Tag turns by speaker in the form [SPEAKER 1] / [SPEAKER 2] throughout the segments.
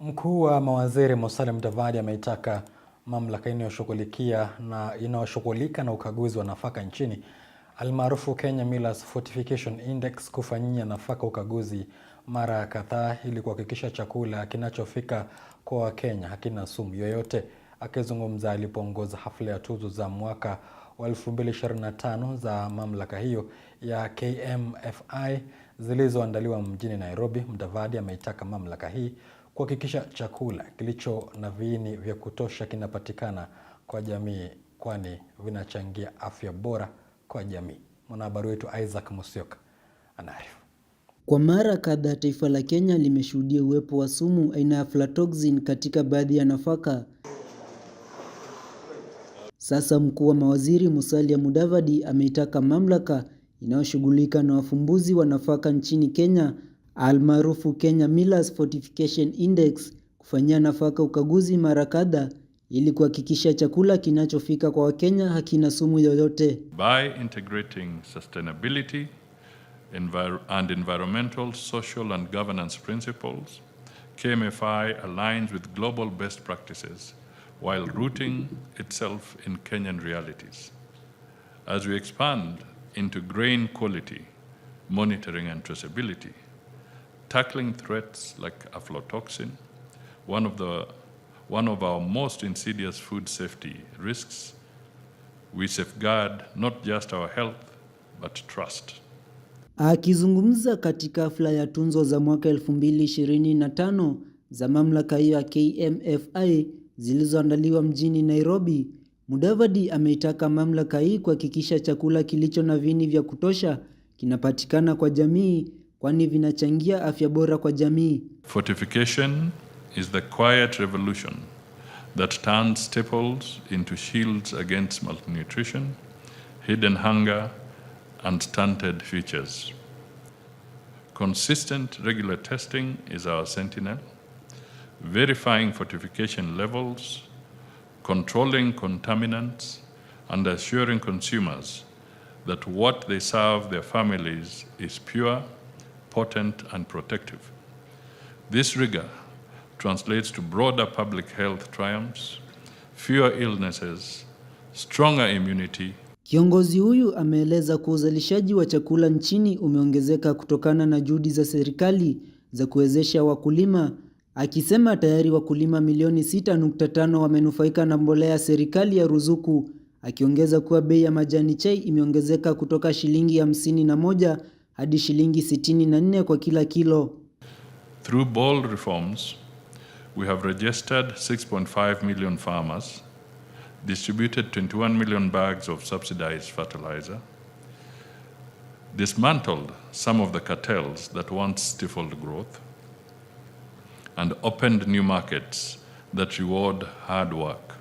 [SPEAKER 1] Mkuu wa mawaziri Musalia Mudavadi ameitaka mamlaka inayoshughulikia na inayoshughulika na ukaguzi wa nafaka nchini almaarufu Kenya Millers Fortification Index kufanyia nafaka ukaguzi mara kadhaa ili kuhakikisha chakula kinachofika kwa Wakenya hakina sumu yoyote. Akizungumza alipoongoza hafla ya tuzo za mwaka wa 2025 za mamlaka hiyo ya KMFI zilizoandaliwa mjini Nairobi, Mudavadi ameitaka mamlaka hii kuhakikisha chakula kilicho na viini vya kutosha kinapatikana kwa jamii, kwani vinachangia afya bora kwa jamii. Mwanahabari wetu Isaac musioka anaarifu.
[SPEAKER 2] Kwa mara kadhaa taifa la Kenya limeshuhudia uwepo wa sumu aina ya aflatoxin katika baadhi ya nafaka. Sasa mkuu wa mawaziri Musalia Mudavadi ameitaka mamlaka inayoshughulika na wafumbuzi wa nafaka nchini Kenya almaarufu Kenya Millers Fortification Index kufanyia nafaka ukaguzi mara kadha ili kuhakikisha chakula kinachofika kwa Wakenya hakina sumu yoyote.
[SPEAKER 3] By integrating sustainability envir and environmental, social and governance principles, KMFI aligns with global best practices while rooting itself in Kenyan realities. As we expand into grain quality, monitoring and traceability, tackling threats like aflatoxin, one of, the, one of our most insidious food safety risks, we safeguard not just our health, but trust.
[SPEAKER 2] Akizungumza katika hafla ya tunzo za mwaka 2025 za mamlaka hiyo ya KMFI zilizoandaliwa mjini Nairobi, Mudavadi ameitaka mamlaka hii kuhakikisha chakula kilicho na viini vya kutosha kinapatikana kwa jamii kwani vinachangia afya bora kwa jamii.
[SPEAKER 3] Fortification is the quiet revolution that turns staples into shields against malnutrition, hidden hunger and stunted futures. Consistent regular testing is our sentinel, verifying fortification levels, controlling contaminants and assuring consumers that what they serve their families is pure potent and protective. This rigor translates to broader public health triumphs, fewer illnesses, stronger immunity.
[SPEAKER 2] Kiongozi huyu ameeleza kuwa uzalishaji wa chakula nchini umeongezeka kutokana na juhudi za serikali za kuwezesha wakulima, akisema tayari wakulima milioni 6.5 wamenufaika na mbolea ya serikali ya ruzuku, akiongeza kuwa bei ya majani chai imeongezeka kutoka shilingi 51 na moja hadi shilingi 64 kwa kila kilo.
[SPEAKER 3] Through bold reforms, we have registered 6.5 million farmers, distributed 21 million bags of subsidized fertilizer, dismantled some of the cartels that once stifled growth, and opened new markets that reward hard work.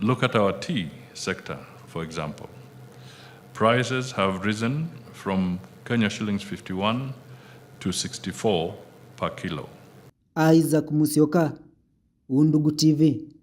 [SPEAKER 3] Look at our tea sector, for example. Prices have risen from Kenya shillings 51 to 64 per kilo.
[SPEAKER 2] Isaac Musioka, Undugu TV.